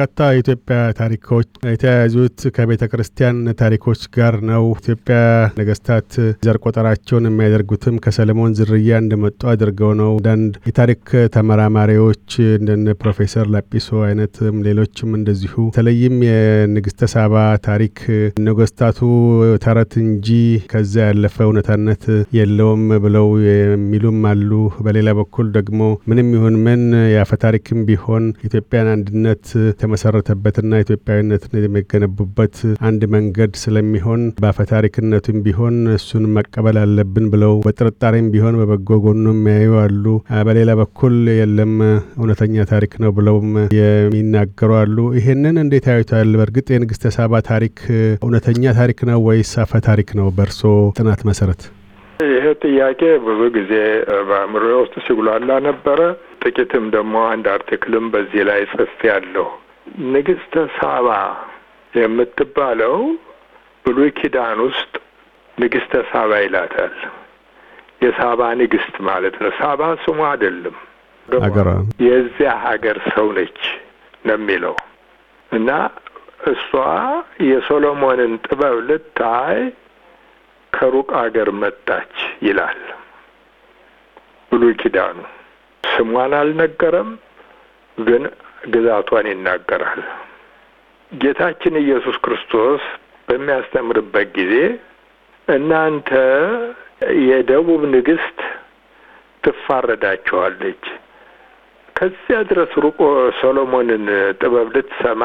በርካታ የኢትዮጵያ ታሪኮች የተያያዙት ከቤተ ክርስቲያን ታሪኮች ጋር ነው። ኢትዮጵያ ነገስታት ዘር ቆጠራቸውን የሚያደርጉትም ከሰለሞን ዝርያ እንደመጡ አድርገው ነው። አንዳንድ የታሪክ ተመራማሪዎች እንደነ ፕሮፌሰር ላጲሶ አይነትም ሌሎችም እንደዚሁ በተለይም የንግስተ ሳባ ታሪክ ነገስታቱ ተረት እንጂ ከዛ ያለፈ እውነታነት የለውም ብለው የሚሉም አሉ። በሌላ በኩል ደግሞ ምንም ይሁን ምን የአፈ ታሪክም ቢሆን ኢትዮጵያን አንድነት የተመሰረተበትና ኢትዮጵያዊነትን የሚገነቡበት አንድ መንገድ ስለሚሆን በአፈታሪክነቱም ቢሆን እሱን መቀበል አለብን ብለው በጥርጣሬም ቢሆን በበጎ ጎኑ የሚያዩ አሉ። በሌላ በኩል የለም እውነተኛ ታሪክ ነው ብለውም የሚናገሩ አሉ። ይሄንን እንዴት ያዩታል? በእርግጥ የንግሥተ ሳባ ታሪክ እውነተኛ ታሪክ ነው ወይስ አፈታሪክ ታሪክ ነው? በእርሶ ጥናት መሰረት ይሄ ጥያቄ ብዙ ጊዜ በአእምሮ ውስጥ ሲጉላላ ነበረ። ጥቂትም ደግሞ አንድ አርቲክልም በዚህ ላይ ጽፌ ያለሁ ንግሥተ ሳባ የምትባለው ብሉይ ኪዳን ውስጥ ንግሥተ ሳባ ይላታል። የሳባ ንግሥት ማለት ነው። ሳባ ስሙ አይደለም፣ የዚያ ሀገር ሰው ነች ነው የሚለው እና እሷ የሶሎሞንን ጥበብ ልታይ ከሩቅ አገር መጣች ይላል ብሉይ ኪዳኑ። ስሟን አልነገረም፣ ግን ግዛቷን ይናገራል። ጌታችን ኢየሱስ ክርስቶስ በሚያስተምርበት ጊዜ እናንተ የደቡብ ንግስት ትፋረዳችኋለች፣ ከዚያ ድረስ ሩቆ ሰሎሞንን ጥበብ ልትሰማ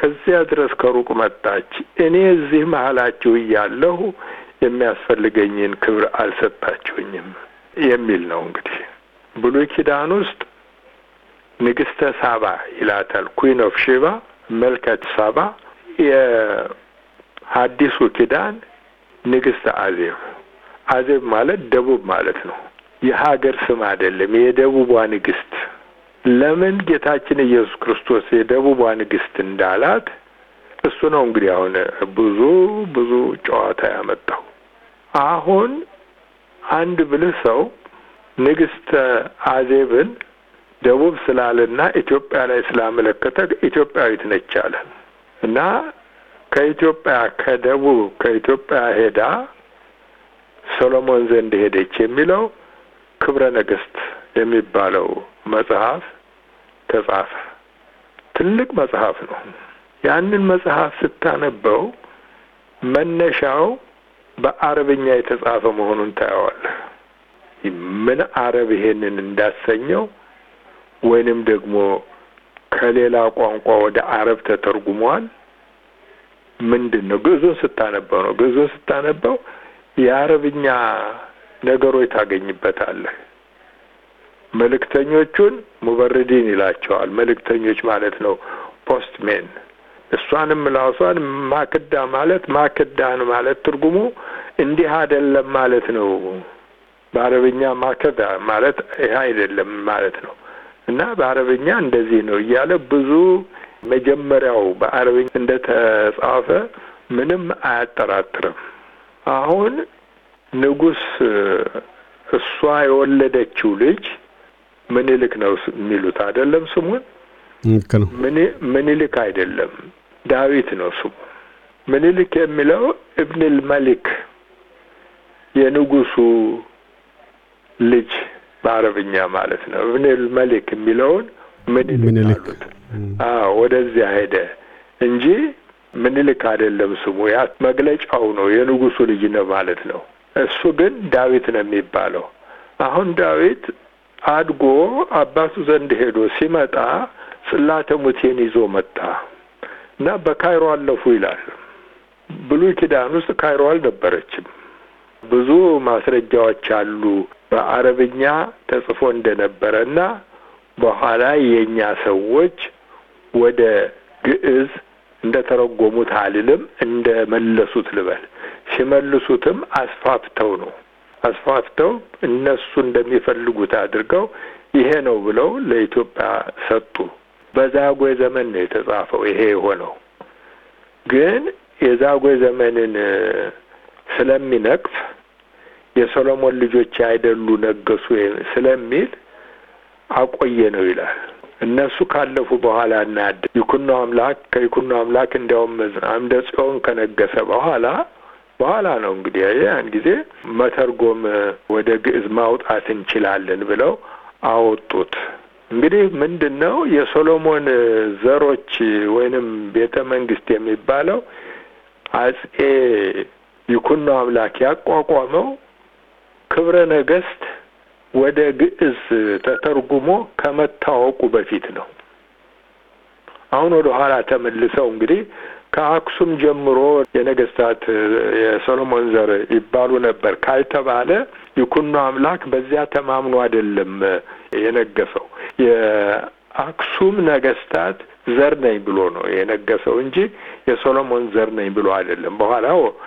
ከዚያ ድረስ ከሩቅ መጣች። እኔ እዚህ መሀላችሁ እያለሁ የሚያስፈልገኝን ክብር አልሰጣችሁኝም የሚል ነው። እንግዲህ ብሉይ ኪዳን ውስጥ ንግስተ ሳባ ይላታል። ኩዊን ኦፍ ሺባ መልከት ሳባ የሀዲሱ ኪዳን ንግስተ አዜብ። አዜብ ማለት ደቡብ ማለት ነው። የሀገር ስም አይደለም። የደቡቧ ንግስት። ለምን ጌታችን ኢየሱስ ክርስቶስ የደቡቧ ንግስት እንዳላት እሱ ነው እንግዲህ አሁን ብዙ ብዙ ጨዋታ ያመጣው። አሁን አንድ ብልህ ሰው ንግስተ አዜብን ደቡብ ስላለና ኢትዮጵያ ላይ ስላመለከተ ኢትዮጵያዊት ነች አለ እና ከኢትዮጵያ ከደቡብ ከኢትዮጵያ ሄዳ ሶሎሞን ዘንድ ሄደች የሚለው ክብረ ነገስት የሚባለው መጽሐፍ ተጻፈ። ትልቅ መጽሐፍ ነው። ያንን መጽሐፍ ስታነበው መነሻው በአረብኛ የተጻፈ መሆኑን ታየዋለህ። ምን አረብ ይሄንን እንዳሰኘው ወይንም ደግሞ ከሌላ ቋንቋ ወደ አረብ ተተርጉሟል። ምንድን ነው? ግዕዙን ስታነበው ነው። ግዕዙን ስታነበው የአረብኛ ነገሮች ታገኝበታለህ። መልእክተኞቹን ሙበርዲን ይላቸዋል። መልእክተኞች ማለት ነው ፖስትሜን። እሷንም ምላሷን ማክዳ ማለት ማክዳን ማለት ትርጉሙ እንዲህ አይደለም ማለት ነው። በአረብኛ ማከዳ ማለት ይህ አይደለም ማለት ነው። እና በአረብኛ እንደዚህ ነው እያለ ብዙ መጀመሪያው በአረብኛ እንደተጻፈ ምንም አያጠራጥርም። አሁን ንጉስ እሷ የወለደችው ልጅ ምኒልክ ነው የሚሉት አይደለም? ስሙን ምኒልክ አይደለም፣ ዳዊት ነው ስሙ። ምኒልክ የሚለው እብንል መሊክ የንጉሱ ልጅ በአረብኛ ማለት ነው። እብኔል መሊክ የሚለውን ምኒልክ አሉት። አዎ ወደዚያ ሄደ እንጂ ምኒልክ አይደለም ስሙ። ያ መግለጫው ነው። የንጉሱ ልጅ ነው ማለት ነው። እሱ ግን ዳዊት ነው የሚባለው። አሁን ዳዊት አድጎ አባቱ ዘንድ ሄዶ ሲመጣ ጽላተ ሙሴን ይዞ መጣ እና በካይሮ አለፉ ይላል። ብሉይ ኪዳን ውስጥ ካይሮ አልነበረችም። ብዙ ማስረጃዎች አሉ በአረብኛ ተጽፎ እና በኋላ የእኛ ሰዎች ወደ ግዕዝ እንደተረጎሙት አልልም፣ እንደመለሱት ልበል። ሲመልሱትም አስፋፍተው ነው። አስፋፍተው እነሱ እንደሚፈልጉት አድርገው ይሄ ነው ብለው ለኢትዮጵያ ሰጡ። በዛጉዌ ዘመን ነው የተጻፈው። ይሄ የሆነው ግን የዛጉዌ ዘመንን ስለሚነቅፍ የሰሎሞን ልጆች አይደሉ ነገሱ ስለሚል አቆየ ነው ይላል። እነሱ ካለፉ በኋላ እናያደ ይኩኖ አምላክ ከይኩኖ አምላክ እንዲያውም አምደ ጽዮን ከነገሰ በኋላ በኋላ ነው እንግዲህ ያን ጊዜ መተርጎም ወደ ግዕዝ ማውጣት እንችላለን ብለው አወጡት። እንግዲህ ምንድን ነው የሶሎሞን ዘሮች ወይንም ቤተ መንግስት የሚባለው አጼ ይኩኖ አምላክ ያቋቋመው ክብረ ነገስት ወደ ግዕዝ ተተርጉሞ ከመታወቁ በፊት ነው። አሁን ወደ ኋላ ተመልሰው እንግዲህ ከአክሱም ጀምሮ የነገስታት የሰሎሞን ዘር ይባሉ ነበር ካልተባለ ይኩኖ አምላክ በዚያ ተማምኖ አይደለም የነገሰው። የአክሱም ነገስታት ዘር ነኝ ብሎ ነው የነገሰው እንጂ የሶሎሞን ዘር ነኝ ብሎ አይደለም። በኋላ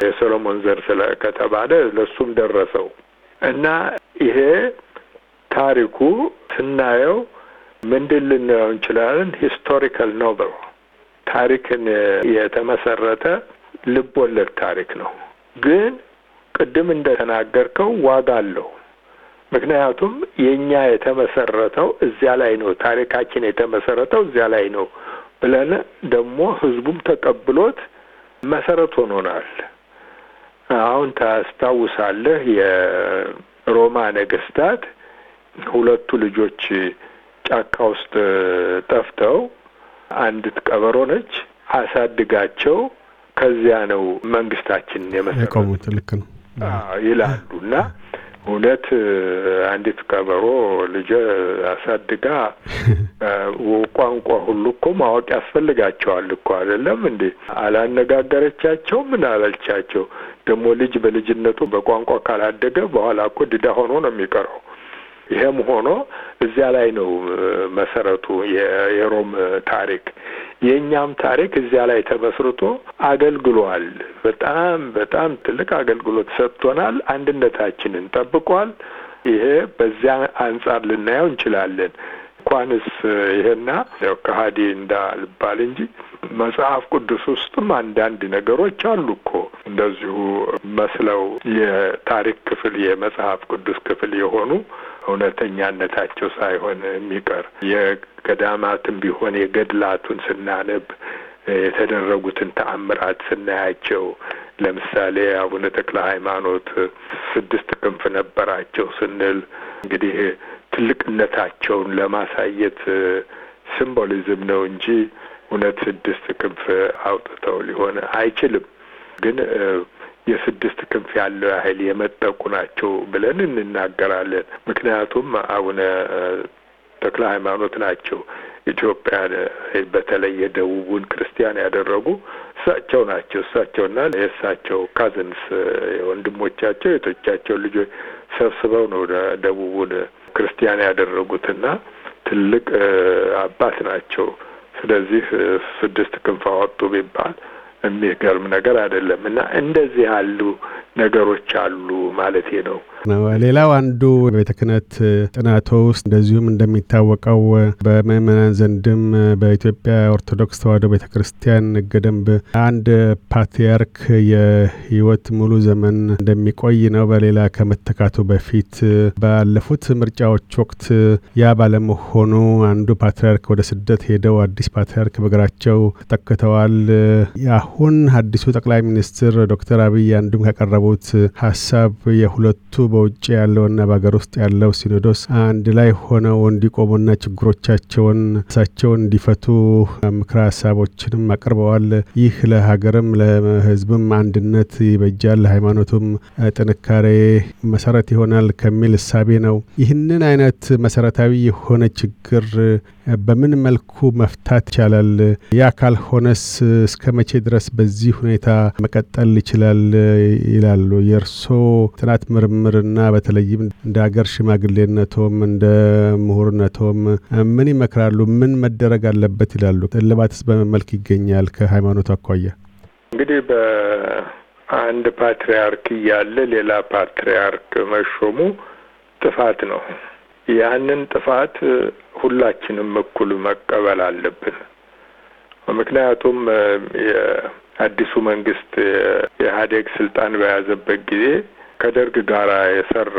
የሶሎሞን ዘር ስለ ከተባለ ለሱም ደረሰው። እና ይሄ ታሪኩ ስናየው ምንድን ልንለው እንችላለን? ሂስቶሪካል ኖቨል ታሪክን የተመሰረተ ልቦለድ ታሪክ ነው። ግን ቅድም እንደተናገርከው ዋጋ አለው። ምክንያቱም የእኛ የተመሰረተው እዚያ ላይ ነው፣ ታሪካችን የተመሰረተው እዚያ ላይ ነው ብለን ደግሞ ህዝቡም ተቀብሎት መሰረት ሆኖናል። አሁን ታስታውሳለህ የሮማ ነገስታት ሁለቱ ልጆች ጫካ ውስጥ ጠፍተው አንዲት ቀበሮ ነች አሳድጋቸው ከዚያ ነው መንግስታችን የመሰረቱት ልክ ነው ይላሉ እና እውነት አንዲት ቀበሮ ልጅ አሳድጋ ቋንቋ ሁሉ እኮ ማወቅ ያስፈልጋቸዋል እኮ አይደለም እንዴ? አላነጋገረቻቸው ምን አላልቻቸው ደግሞ ልጅ በልጅነቱ በቋንቋ ካላደገ በኋላ እኮ ድዳ ሆኖ ነው የሚቀረው። ይሄም ሆኖ እዚያ ላይ ነው መሰረቱ የሮም ታሪክ። የእኛም ታሪክ እዚያ ላይ ተመስርቶ አገልግሏል። በጣም በጣም ትልቅ አገልግሎት ሰጥቶናል። አንድነታችንን ጠብቋል። ይሄ በዚያ አንጻር ልናየው እንችላለን። እንኳንስ ይሄና ያው ከሀዲ እንዳልባል እንጂ መጽሐፍ ቅዱስ ውስጥም አንዳንድ ነገሮች አሉ እኮ እንደዚሁ መስለው የታሪክ ክፍል የመጽሐፍ ቅዱስ ክፍል የሆኑ እውነተኛነታቸው ሳይሆን የሚቀር የገዳማትም ቢሆን የገድላቱን ስናነብ የተደረጉትን ተአምራት ስናያቸው ለምሳሌ አቡነ ተክለ ሃይማኖት ስድስት ክንፍ ነበራቸው ስንል እንግዲህ ትልቅነታቸውን ለማሳየት ሲምቦሊዝም ነው እንጂ እውነት ስድስት ክንፍ አውጥተው ሊሆን አይችልም። ግን የስድስት ክንፍ ያለው ያህል የመጠቁ ናቸው ብለን እንናገራለን። ምክንያቱም አቡነ ተክለ ሃይማኖት ናቸው ኢትዮጵያን በተለይ የደቡቡን ክርስቲያን ያደረጉ እሳቸው ናቸው። እሳቸውና የእሳቸው ካዝንስ የወንድሞቻቸው የቶቻቸው ልጆች ሰብስበው ነው ደቡቡን ክርስቲያን ያደረጉትና ትልቅ አባት ናቸው። ስለዚህ ስድስት ክንፍ አወጡ ቢባል የሚገርም ነገር አይደለም እና እንደዚህ ያሉ ነገሮች አሉ ማለቴ ነው። ሌላው አንዱ ቤተ ክህነት ጥናቶ ውስጥ እንደዚሁም እንደሚታወቀው በምእመናን ዘንድም በኢትዮጵያ ኦርቶዶክስ ተዋሕዶ ቤተ ክርስቲያን ሕገ ደንብ አንድ ፓትርያርክ የሕይወት ሙሉ ዘመን እንደሚቆይ ነው። በሌላ ከመተካቱ በፊት ባለፉት ምርጫዎች ወቅት ያ ባለመሆኑ አንዱ ፓትርያርክ ወደ ስደት ሄደው አዲስ ፓትርያርክ በእግራቸው ተተክተዋል። አሁን አዲሱ ጠቅላይ ሚኒስትር ዶክተር አብይ አንዱም ካቀረቡ ያቀረቡት ሀሳብ የሁለቱ በውጭ ያለውና በሀገር ውስጥ ያለው ሲኖዶስ አንድ ላይ ሆነው እንዲቆሙና ችግሮቻቸውን እሳቸው እንዲፈቱ ምክረ ሀሳቦችንም አቅርበዋል። ይህ ለሀገርም ለህዝብም አንድነት ይበጃል፣ ለሃይማኖቱም ጥንካሬ መሰረት ይሆናል ከሚል እሳቤ ነው። ይህንን አይነት መሰረታዊ የሆነ ችግር በምን መልኩ መፍታት ይቻላል? ያ ካልሆነስ እስከ መቼ ድረስ በዚህ ሁኔታ መቀጠል ይችላል ይላል? ይላሉ። የእርሶ ጥናት ምርምርና በተለይም እንደ ሀገር ሽማግሌነቶም እንደ ምሁርነቶም ምን ይመክራሉ? ምን መደረግ አለበት ይላሉ? እልባትስ በመመልክ ይገኛል? ከሃይማኖት አኳያ እንግዲህ በአንድ ፓትርያርክ እያለ ሌላ ፓትርያርክ መሾሙ ጥፋት ነው። ያንን ጥፋት ሁላችንም እኩል መቀበል አለብን። ምክንያቱም አዲሱ መንግስት የኢህአዴግ ስልጣን በያዘበት ጊዜ ከደርግ ጋር የሰራ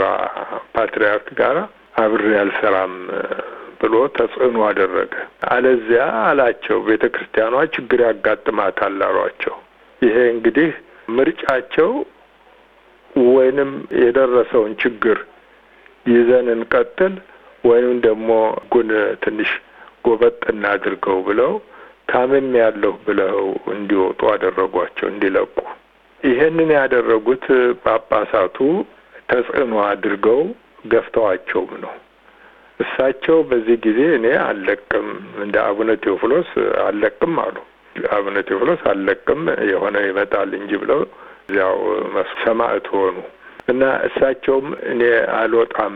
ፓትሪያርክ ጋር አብሬ አልሰራም ብሎ ተጽዕኖ አደረገ። አለዚያ አላቸው ቤተ ክርስቲያኗ ችግር ያጋጥማታል አሏቸው። ይሄ እንግዲህ ምርጫቸው ወይንም የደረሰውን ችግር ይዘን እንቀጥል ወይንም ደግሞ ጉን ትንሽ ጎበጥ እናድርገው ብለው ታምም ያለሁ ብለው እንዲወጡ አደረጓቸው እንዲለቁ። ይሄንን ያደረጉት ጳጳሳቱ ተጽዕኖ አድርገው ገፍተዋቸውም ነው። እሳቸው በዚህ ጊዜ እኔ አልለቅም እንደ አቡነ ቴዎፍሎስ አልለቅም አሉ። አቡነ ቴዎፍሎስ አልለቅም የሆነ ይመጣል እንጂ ብለው እዚያው ሰማዕት ሆኑ እና እሳቸውም እኔ አልወጣም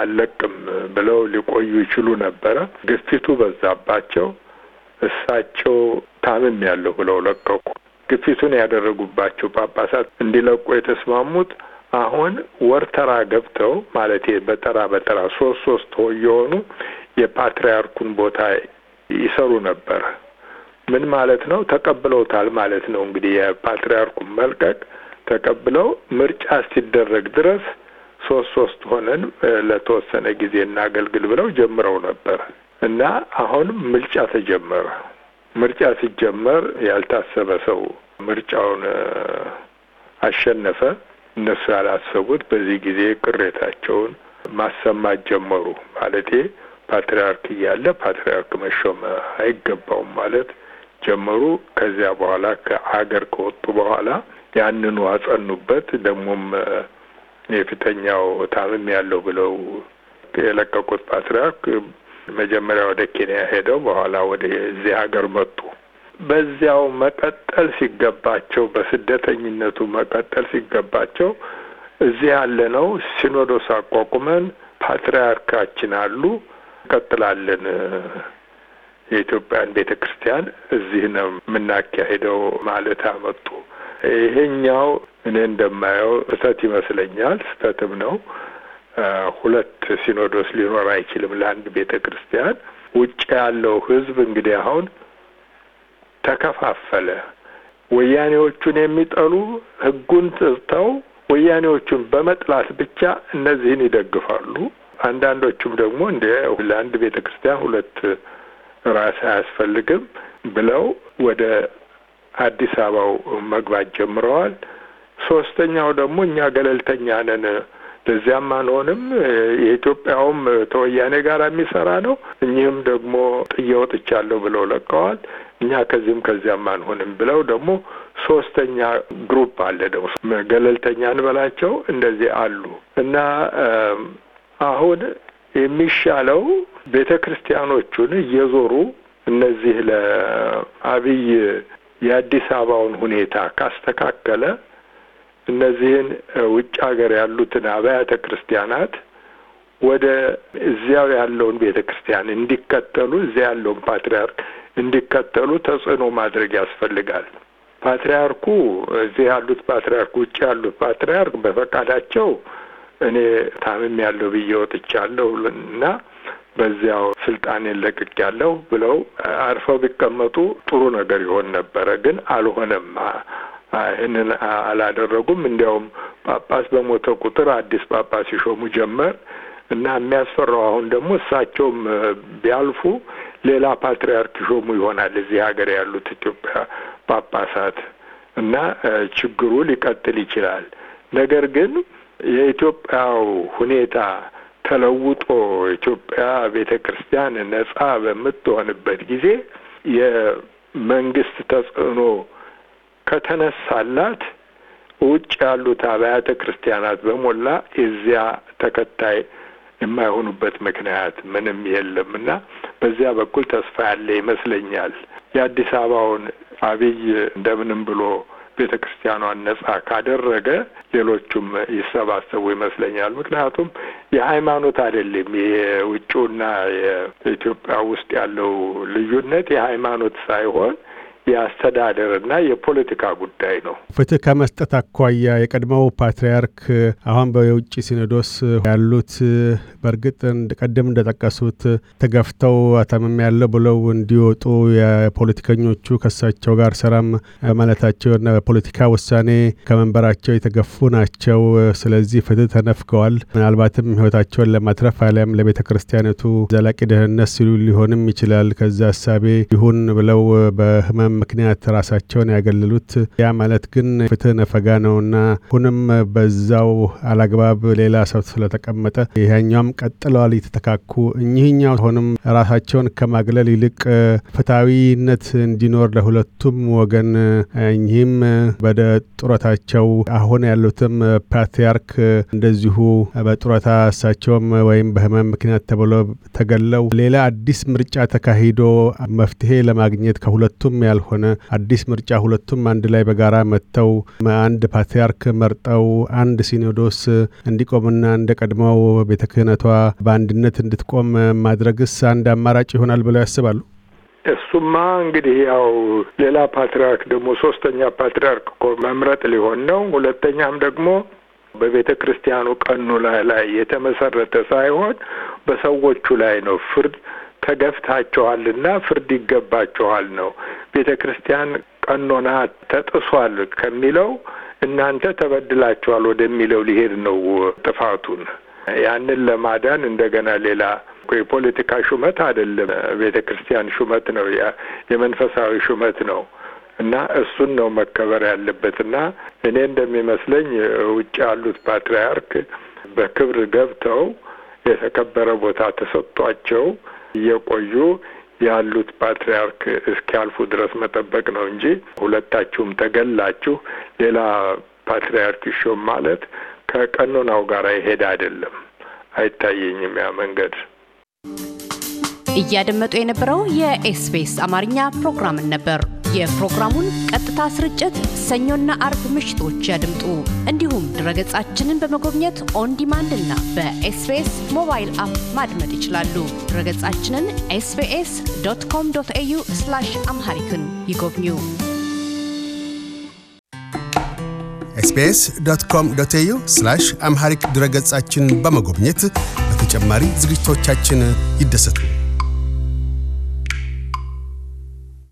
አልለቅም ብለው ሊቆዩ ይችሉ ነበረ። ግፊቱ በዛባቸው። እሳቸው ታምም ያለሁ ብለው ለቀቁ። ግፊቱን ያደረጉባቸው ጳጳሳት እንዲለቁ የተስማሙት አሁን ወርተራ ገብተው ማለት በተራ በተራ ሶስት ሶስት የሆኑ የፓትርያርኩን ቦታ ይሰሩ ነበር። ምን ማለት ነው? ተቀብለውታል ማለት ነው። እንግዲህ የፓትርያርኩን መልቀቅ ተቀብለው ምርጫ ሲደረግ ድረስ ሶስት ሶስት ሆነን ለተወሰነ ጊዜ እናገልግል ብለው ጀምረው ነበር። እና አሁን ምርጫ ተጀመረ። ምርጫ ሲጀመር ያልታሰበ ሰው ምርጫውን አሸነፈ። እነሱ ያላሰቡት በዚህ ጊዜ ቅሬታቸውን ማሰማት ጀመሩ። ማለቴ ፓትርያርክ እያለ ፓትርያርክ መሾም አይገባውም ማለት ጀመሩ። ከዚያ በኋላ ከአገር ከወጡ በኋላ ያንኑ አጸኑበት። ደግሞም የፊተኛው ታምም ያለው ብለው የለቀቁት ፓትርያርክ መጀመሪያ ወደ ኬንያ ሄደው በኋላ ወደ እዚህ ሀገር መጡ። በዚያው መቀጠል ሲገባቸው፣ በስደተኝነቱ መቀጠል ሲገባቸው እዚህ ያለ ነው ሲኖዶስ አቋቁመን ፓትርያርካችን አሉ እንቀጥላለን የኢትዮጵያን ቤተ ክርስቲያን እዚህ ነው የምናካሄደው ማለት አመጡ። ይሄኛው እኔ እንደማየው ስህተት ይመስለኛል፣ ስህተትም ነው። ሁለት ሲኖዶስ ሊኖር አይችልም ለአንድ ቤተ ክርስቲያን። ውጭ ያለው ህዝብ እንግዲህ አሁን ተከፋፈለ። ወያኔዎቹን የሚጠሉ ህጉን ትተው ወያኔዎቹን በመጥላት ብቻ እነዚህን ይደግፋሉ። አንዳንዶቹም ደግሞ እንደ ለአንድ ቤተ ክርስቲያን ሁለት ራስ አያስፈልግም ብለው ወደ አዲስ አበባው መግባት ጀምረዋል። ሶስተኛው ደግሞ እኛ ገለልተኛ ነን በዚያም አንሆንም። የኢትዮጵያውም ተወያኔ ጋር የሚሰራ ነው። እኚህም ደግሞ ጥዬ ወጥቻለሁ ብለው ለቀዋል። እኛ ከዚህም ከዚያም አንሆንም ብለው ደግሞ ሶስተኛ ግሩፕ አለ ደግሞ ገለልተኛ እንበላቸው እንደዚህ አሉ እና አሁን የሚሻለው ቤተ ክርስቲያኖቹን እየዞሩ እነዚህ ለአብይ የአዲስ አበባውን ሁኔታ ካስተካከለ እነዚህን ውጭ ሀገር ያሉትን አብያተ ክርስቲያናት ወደ እዚያው ያለውን ቤተ ክርስቲያን እንዲከተሉ እዚያ ያለውን ፓትርያርክ እንዲከተሉ ተጽዕኖ ማድረግ ያስፈልጋል። ፓትርያርኩ እዚህ ያሉት ፓትርያርክ ውጭ ያሉት ፓትርያርክ በፈቃዳቸው እኔ ታምም ያለው ብዬ ወጥቻለሁ እና በዚያው ስልጣን የለቅቅ ያለው ብለው አርፈው ቢቀመጡ ጥሩ ነገር ይሆን ነበረ፣ ግን አልሆነም። ይህንን አላደረጉም። እንዲያውም ጳጳስ በሞተ ቁጥር አዲስ ጳጳስ ይሾሙ ጀመር እና የሚያስፈራው አሁን ደግሞ እሳቸውም ቢያልፉ ሌላ ፓትርያርክ ይሾሙ ይሆናል እዚህ ሀገር ያሉት ኢትዮጵያ ጳጳሳት እና ችግሩ ሊቀጥል ይችላል። ነገር ግን የኢትዮጵያው ሁኔታ ተለውጦ ኢትዮጵያ ቤተ ክርስቲያን ነጻ በምትሆንበት ጊዜ የመንግስት ተጽዕኖ ከተነሳላት ውጭ ያሉት አብያተ ክርስቲያናት በሞላ የዚያ ተከታይ የማይሆኑበት ምክንያት ምንም የለም እና በዚያ በኩል ተስፋ ያለ ይመስለኛል። የአዲስ አበባውን አብይ እንደምንም ብሎ ቤተ ክርስቲያኗን ነጻ ካደረገ ሌሎቹም ይሰባሰቡ ይመስለኛል። ምክንያቱም የሃይማኖት አይደለም የውጭውና የኢትዮጵያ ውስጥ ያለው ልዩነት የሃይማኖት ሳይሆን የአስተዳደርና የፖለቲካ ጉዳይ ነው። ፍትህ ከመስጠት አኳያ የቀድሞው ፓትርያርክ አሁን በውጭ ሲኖዶስ ያሉት በእርግጥ ቀደም እንደጠቀሱት ተገፍተው አተምም ያለው ብለው እንዲወጡ የፖለቲከኞቹ ከሳቸው ጋር ሰራም ማለታቸው እና በፖለቲካ ውሳኔ ከመንበራቸው የተገፉ ናቸው። ስለዚህ ፍትህ ተነፍገዋል። ምናልባትም ህይወታቸውን ለማትረፍ አሊያም ለቤተ ክርስቲያነቱ ዘላቂ ደህንነት ሲሉ ሊሆንም ይችላል። ከዛ ሀሳቤ ይሁን ብለው በህመም ምክንያት ራሳቸውን ያገለሉት። ያ ማለት ግን ፍትህ ነፈጋ ነውና አሁንም በዛው አላግባብ ሌላ ሰው ስለተቀመጠ ይህኛውም ቀጥለዋል እየተተካኩ እኚህኛው አሁንም ራሳቸውን ከማግለል ይልቅ ፍትሐዊነት እንዲኖር ለሁለቱም ወገን እኚህም በደ ጡረታቸው አሁን ያሉትም ፓትርያርክ እንደዚሁ በጡረታ እሳቸውም ወይም በህመም ምክንያት ተብሎ ተገለው ሌላ አዲስ ምርጫ ተካሂዶ መፍትሄ ለማግኘት ከሁለቱም ያል ሆነ አዲስ ምርጫ ሁለቱም አንድ ላይ በጋራ መጥተው አንድ ፓትርያርክ መርጠው አንድ ሲኖዶስ እንዲቆምና እንደ ቀድሞው ቤተ ክህነቷ በአንድነት እንድትቆም ማድረግስ አንድ አማራጭ ይሆናል ብለው ያስባሉ? እሱማ እንግዲህ ያው ሌላ ፓትርያርክ ደግሞ ሶስተኛ ፓትርያርክ እኮ መምረጥ ሊሆን ነው። ሁለተኛም ደግሞ በቤተ ክርስቲያኑ ላይ ላይ የተመሰረተ ሳይሆን በሰዎቹ ላይ ነው ፍርድ ተገፍታችኋልና ፍርድ ይገባችኋል ነው። ቤተ ክርስቲያን ቀኖና ተጥሷል ከሚለው እናንተ ተበድላችኋል ወደሚለው ሊሄድ ነው ጥፋቱን። ያንን ለማዳን እንደገና ሌላ የፖለቲካ ሹመት አይደለም፣ ቤተ ክርስቲያን ሹመት ነው፣ የመንፈሳዊ ሹመት ነው እና እሱን ነው መከበር ያለበት። እና እኔ እንደሚመስለኝ ውጭ ያሉት ፓትርያርክ በክብር ገብተው የተከበረ ቦታ ተሰጥቷቸው እየቆዩ ያሉት ፓትርያርክ እስኪያልፉ ድረስ መጠበቅ ነው እንጂ ሁለታችሁም ተገላችሁ ሌላ ፓትርያርክ ይሾም ማለት ከቀኖናው ጋር ይሄድ አይደለም። አይታየኝም ያ መንገድ። እያደመጡ የነበረው የኤስቢኤስ አማርኛ ፕሮግራምን ነበር። የፕሮግራሙን ቀጥታ ስርጭት ሰኞና አርብ ምሽቶች ያድምጡ። እንዲሁም ድረገጻችንን በመጎብኘት ኦን ዲማንድ እና በኤስቤስ ሞባይል አፕ ማድመጥ ይችላሉ። ድረገጻችንን ኤስቤስ ዶት ኮም ዶት ኤዩ አምሃሪክን ይጎብኙ። ኤስቤስ ዶት ኮም ዶት ኤዩ አምሃሪክ ድረገጻችንን በመጎብኘት በተጨማሪ ዝግጅቶቻችን ይደሰቱ።